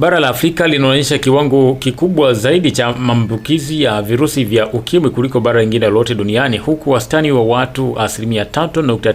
Bara la Afrika linaonyesha kiwango kikubwa zaidi cha maambukizi ya virusi vya ukimwi kuliko bara lingine lolote duniani, huku wastani wa watu asilimia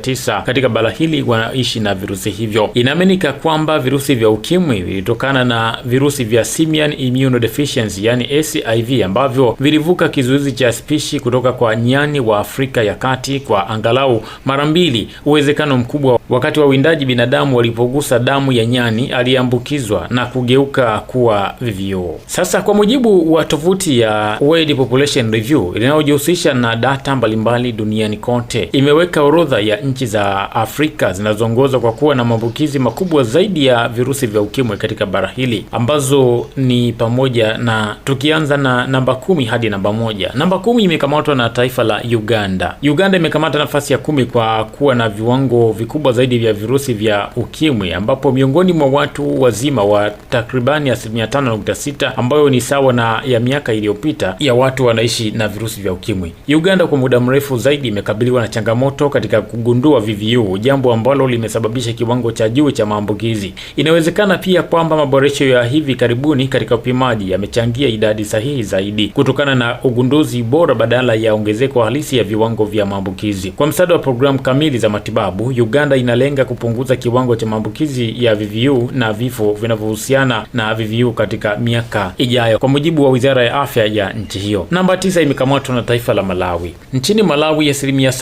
tisa katika bara hili wanaishi na virusi hivyo. Inaaminika kwamba virusi vya ukimwi vilitokana na virusi vya simian immunodeficiency, yani SIV, ambavyo vilivuka kizuizi cha spishi kutoka kwa nyani wa Afrika ya Kati kwa angalau mara mbili uwezekano mkubwa, wakati wa windaji binadamu walipogusa damu ya nyani aliyeambukizwa na kugeuka kugeuka kuwa VVU. Sasa kwa mujibu wa tovuti ya World Population Review inayojihusisha na data mbalimbali duniani kote, imeweka orodha ya nchi za Afrika zinazoongoza kwa kuwa na maambukizi makubwa zaidi ya virusi vya ukimwi katika bara hili ambazo ni pamoja na, tukianza na namba kumi hadi namba moja. Namba kumi imekamatwa na taifa la Uganda. Uganda imekamata nafasi ya kumi kwa kuwa na viwango vikubwa zaidi vya virusi vya ukimwi ambapo miongoni mwa watu wazima wa takriban takribani asilimia 5.6 ambayo ni sawa na ya miaka iliyopita ya watu wanaishi na virusi vya ukimwi. Uganda kwa muda mrefu zaidi imekabiliwa na changamoto katika kugundua VVU, jambo ambalo limesababisha kiwango cha juu cha maambukizi. Inawezekana pia kwamba maboresho ya hivi karibuni katika upimaji yamechangia idadi sahihi zaidi kutokana na ugunduzi bora badala ya ongezeko halisi ya viwango vya maambukizi. Kwa msaada wa programu kamili za matibabu, Uganda inalenga kupunguza kiwango cha maambukizi ya VVU na vifo vinavyohusiana na VVU katika miaka ijayo, kwa mujibu wa wizara ya afya ya nchi hiyo. Namba tisa imekamatwa na taifa la Malawi. Nchini Malawi, asilimia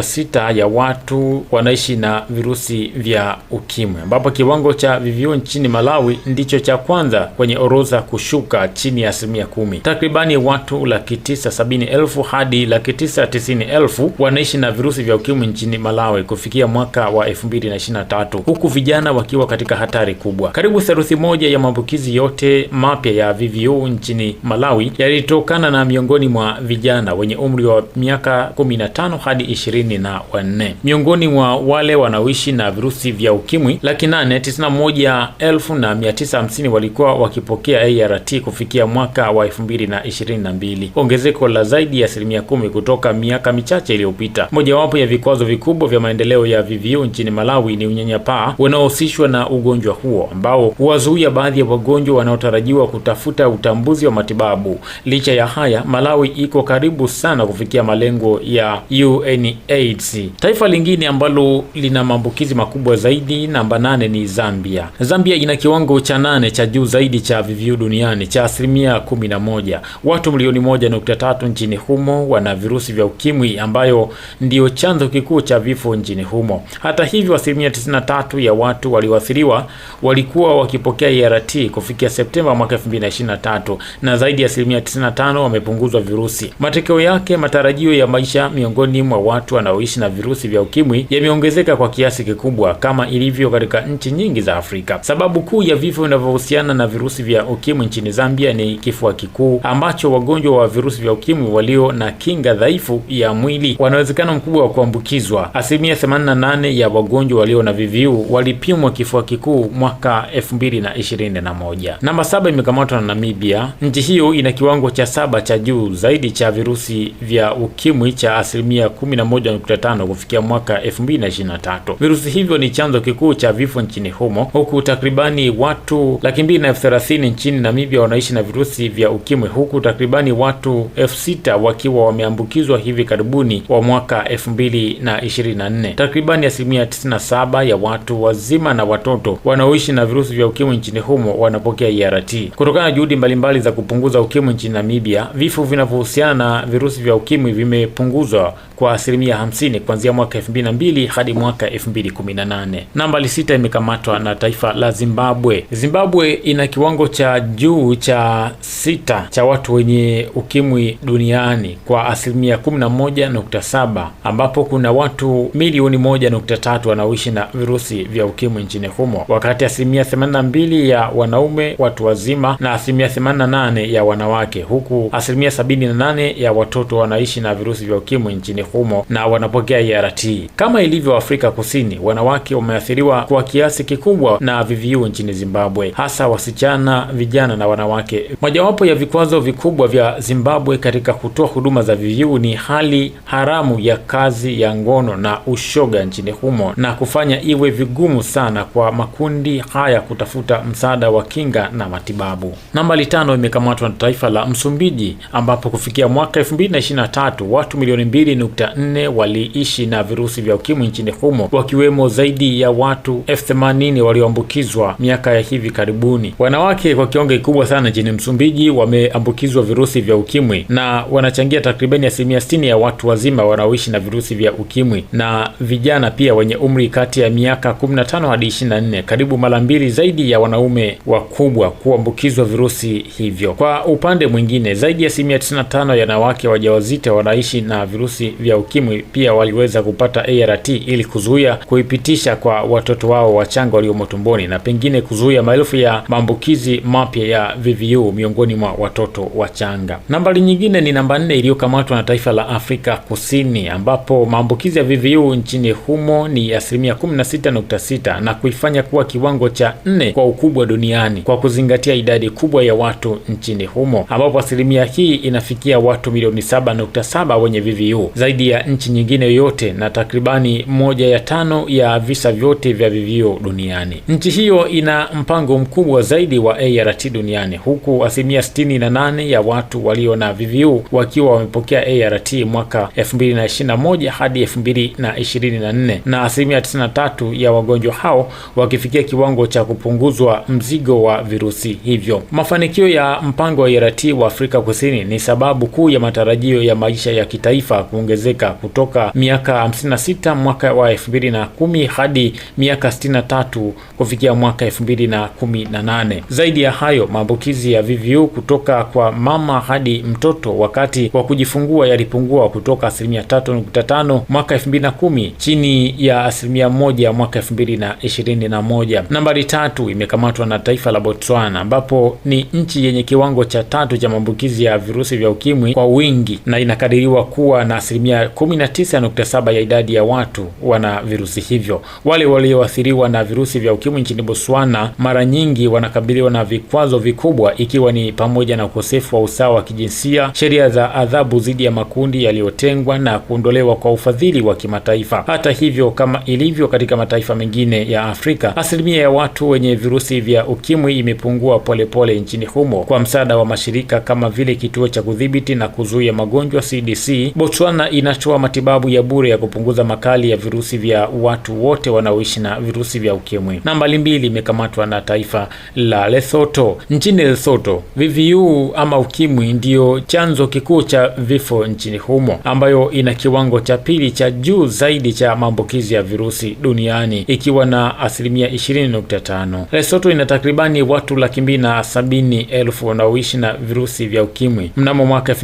sita ya watu wanaishi na virusi vya ukimwi, ambapo kiwango cha VVU nchini Malawi ndicho cha kwanza kwenye orodha kushuka chini ya asilimia kumi. Takribani watu laki tisa sabini elfu hadi laki tisa tisini elfu wanaishi na virusi vya ukimwi nchini Malawi kufikia mwaka wa elfu mbili na ishirini na tatu huku vijana wakiwa katika hatari kubwa. Karibu theluthi moja ya maambukizi yote mapya ya VVU nchini Malawi yalitokana na miongoni mwa vijana wenye umri wa miaka 15 hadi 24. Miongoni mwa wale wanaoishi na virusi vya ukimwi laki nane tisini na moja elfu na mia tisa hamsini walikuwa wakipokea ART kufikia mwaka wa 2022, ongezeko la zaidi ya asilimia kumi kutoka miaka michache iliyopita. Mojawapo ya vikwazo vikubwa vya maendeleo ya VVU nchini Malawi ni unyanyapaa unaohusishwa na ugonjwa huo ambao huwazuia baadhi ya wagonjwa wanaotarajiwa kutafuta utambuzi wa matibabu. Licha ya haya, Malawi iko karibu sana kufikia malengo ya UNAIDS. Taifa lingine ambalo lina maambukizi makubwa zaidi, namba nane, ni Zambia. Zambia ina kiwango cha nane cha juu zaidi cha VVU duniani cha asilimia kumi na moja. Watu milioni moja nukta tatu nchini humo wana virusi vya ukimwi ambayo ndiyo chanzo kikuu cha vifo nchini humo. Hata hivyo, asilimia 93 ya watu walioathiriwa walikuwa wakipokea ERT kufikia Septemba mwaka 2023 na zaidi ya asilimia 95 wamepunguzwa virusi. Matokeo yake, matarajio ya maisha miongoni mwa watu wanaoishi na virusi vya ukimwi yameongezeka kwa kiasi kikubwa kama ilivyo katika nchi nyingi za Afrika. Sababu kuu ya vifo vinavyohusiana na virusi vya ukimwi nchini Zambia ni kifua kikuu ambacho wagonjwa wa virusi vya ukimwi walio na kinga dhaifu ya mwili wana uwezekano mkubwa wa kuambukizwa. Asilimia 88 ya wagonjwa walio na VVU walipimwa kifua kikuu mwaka 2020. 2021. Namba saba imekamatwa na Namibia. Nchi hiyo ina kiwango cha saba cha juu zaidi cha virusi vya ukimwi cha asilimia 11.5 kufikia mwaka 2023. Virusi hivyo ni chanzo kikuu cha vifo nchini humo, huku takribani watu laki mbili na elfu thelathini nchini Namibia wanaishi na virusi vya ukimwi, huku takribani watu elfu sita wakiwa wameambukizwa hivi karibuni wa mwaka 2024. Takribani asilimia 97 ya watu wazima na watoto wanaoishi na virusi vya ukimwi nchini humo wanapokea ERT. Kutokana na juhudi mbalimbali za kupunguza ukimwi nchini Namibia, vifo vinavyohusiana na virusi vya ukimwi vimepunguzwa kwa asilimia hamsini kuanzia mwaka 2002 hadi mwaka 2018. Nambari sita imekamatwa na taifa la Zimbabwe. Zimbabwe ina kiwango cha juu cha sita cha watu wenye ukimwi duniani kwa asilimia 11.7, ambapo kuna watu milioni 1.3 wanaoishi na virusi vya ukimwi nchini humo, wakati asilimia 82 ya wanaume watu wazima na asilimia 88 ya wanawake, huku asilimia 78 ya watoto wanaishi na virusi vya ukimwi nchini humo na wanapokea ERT. Kama ilivyo Afrika Kusini, wanawake wameathiriwa kwa kiasi kikubwa na VVU nchini Zimbabwe, hasa wasichana, vijana na wanawake. Mojawapo ya vikwazo vikubwa vya Zimbabwe katika kutoa huduma za VVU ni hali haramu ya kazi ya ngono na ushoga nchini humo na kufanya iwe vigumu sana kwa makundi haya kutafuta msaada msaada wa kinga na matibabu. Nambari tano imekamatwa na taifa la Msumbiji ambapo kufikia mwaka 2023 watu milioni 2.4 waliishi na virusi vya ukimwi nchini humo wakiwemo zaidi ya watu elfu 80 walioambukizwa miaka ya hivi karibuni. Wanawake kwa kiwango kikubwa sana nchini Msumbiji wameambukizwa virusi vya ukimwi na wanachangia takribani asilimia 60 ya watu wazima wanaoishi na virusi vya ukimwi na vijana pia wenye umri kati ya miaka 15 hadi 24, karibu mara mbili zaidi ya wanaume wakubwa kuambukizwa virusi hivyo. Kwa upande mwingine, zaidi ya asilimia 95 ya wanawake wajawazito wanaishi na virusi vya ukimwi pia waliweza kupata ART ili kuzuia kuipitisha kwa watoto wao wachanga waliomo tumboni na pengine kuzuia maelfu ya maambukizi mapya ya VVU miongoni mwa watoto wachanga. Nambari nyingine ni namba nne iliyokamatwa na taifa la Afrika Kusini ambapo maambukizi ya VVU nchini humo ni asilimia 16.6 na kuifanya kuwa kiwango cha nne kwa ukubwa duniani duniani kwa kuzingatia idadi kubwa ya watu nchini humo ambapo asilimia hii inafikia watu milioni 7.7 wenye VVU zaidi ya nchi nyingine yoyote na takribani moja ya tano ya visa vyote vya VVU duniani. Nchi hiyo ina mpango mkubwa zaidi wa ART duniani huku asilimia 68 ya watu walio na VVU wakiwa wamepokea ART mwaka 2021 hadi 2024 na asilimia 93 ya wagonjwa hao wakifikia kiwango cha kupunguzwa mzigo mzigo wa virusi hivyo. Mafanikio ya mpango wa ERT wa Afrika Kusini ni sababu kuu ya matarajio ya maisha ya kitaifa kuongezeka kutoka miaka 56 mwaka wa 2010 hadi miaka 63 kufikia mwaka 2018. Zaidi ya hayo, maambukizi ya VVU kutoka kwa mama hadi mtoto wakati wa kujifungua yalipungua kutoka asilimia 3.5 mwaka 2010 chini ya asilimia moja mwaka 2021. Nambari tatu imekamatwa na taifa la Botswana ambapo ni nchi yenye kiwango cha tatu cha maambukizi ya virusi vya ukimwi kwa wingi na inakadiriwa kuwa na asilimia 19.7 ya idadi ya watu wana virusi hivyo. Wale walioathiriwa na virusi vya ukimwi nchini Botswana mara nyingi wanakabiliwa na vikwazo vikubwa, ikiwa ni pamoja na ukosefu wa usawa wa kijinsia, sheria za adhabu dhidi ya makundi yaliyotengwa na kuondolewa kwa ufadhili wa kimataifa. Hata hivyo, kama ilivyo katika mataifa mengine ya Afrika, asilimia ya watu wenye virusi vya ukimwi imepungua polepole nchini humo kwa msaada wa mashirika kama vile kituo cha kudhibiti na kuzuia magonjwa CDC. Botswana inatoa matibabu ya bure ya kupunguza makali ya virusi vya watu wote wanaoishi na virusi vya ukimwi. Nambari mbili imekamatwa na taifa la Lesotho. Nchini Lesotho, VVU ama ukimwi ndiyo chanzo kikuu cha vifo nchini humo, ambayo ina kiwango cha pili cha juu zaidi cha maambukizi ya virusi duniani ikiwa na asilimia 20.5. Lesotho inataka takribani watu laki mbili na sabini elfu wanaoishi na virusi vya ukimwi. Mnamo mwaka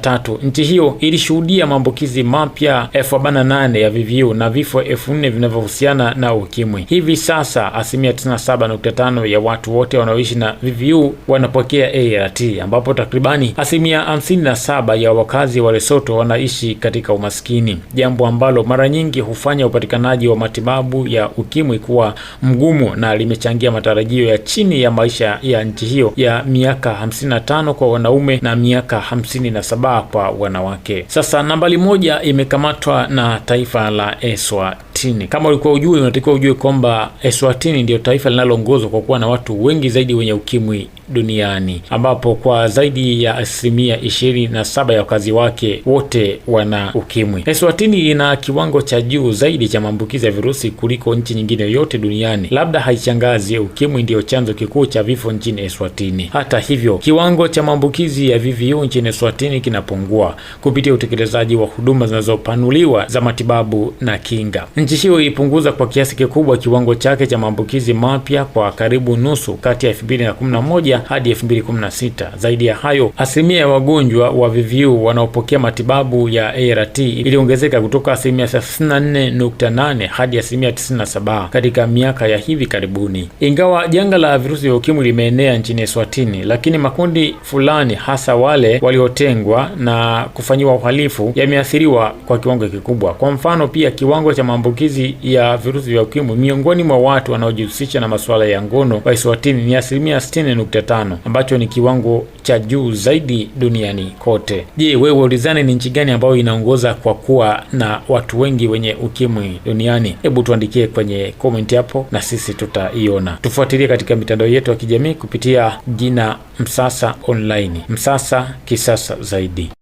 tatu nchi hiyo ilishuhudia maambukizi mapya elfu arobaini na nane ya VVU na vifo elfu nne vinavyohusiana na ukimwi. Hivi sasa asilimia tano ya watu wote wanaoishi na VVU wanapokea ART, ambapo takribani asilimia 57 ya wakazi wa Lesoto wanaishi katika umaskini, jambo ambalo mara nyingi hufanya upatikanaji wa matibabu ya ukimwi kuwa mgumu na limechangia matarajio ya chini ya maisha ya nchi hiyo ya miaka 55 kwa wanaume na miaka 57 kwa wanawake. Sasa nambari moja imekamatwa na taifa la Eswatini. Kama ulikuwa ujui, unatakiwa ujue kwamba Eswatini ndiyo taifa linaloongozwa kwa kuwa na watu wengi zaidi wenye ukimwi duniani ambapo kwa zaidi ya asilimia ishirini na saba ya wakazi wake wote wana ukimwi. Eswatini ina kiwango cha juu zaidi cha maambukizi ya virusi kuliko nchi nyingine yoyote duniani. Labda haichangazi ukimwi ndiyo chanzo kikuu cha vifo nchini Eswatini. Hata hivyo, kiwango cha maambukizi ya VVU nchini Eswatini kinapungua kupitia utekelezaji wa huduma zinazopanuliwa za matibabu na kinga. Nchi hiyo ilipunguza kwa kiasi kikubwa kiwango chake cha maambukizi mapya kwa karibu nusu kati ya elfu mbili na kumi na moja hadi 2016. Zaidi ya hayo, asilimia ya wagonjwa wa VVU wanaopokea matibabu ya ART iliongezeka kutoka asilimia 34.8 hadi asilimia 97 katika miaka ya hivi karibuni. Ingawa janga la virusi vya ukimwi limeenea nchini Eswatini, lakini makundi fulani hasa wale waliotengwa na kufanyiwa uhalifu yameathiriwa kwa kiwango kikubwa. Kwa mfano, pia kiwango cha maambukizi ya virusi vya ukimwi miongoni mwa watu wanaojihusisha na masuala ya ngono wa Eswatini ni asilimia 60.5 tano ambacho ni kiwango cha juu zaidi duniani kote. Je, wewe ulizani ni nchi gani ambayo inaongoza kwa kuwa na watu wengi wenye ukimwi duniani? Hebu tuandikie kwenye komenti hapo na sisi tutaiona. Tufuatilie katika mitandao yetu ya kijamii kupitia jina Msasa Online. Msasa kisasa zaidi.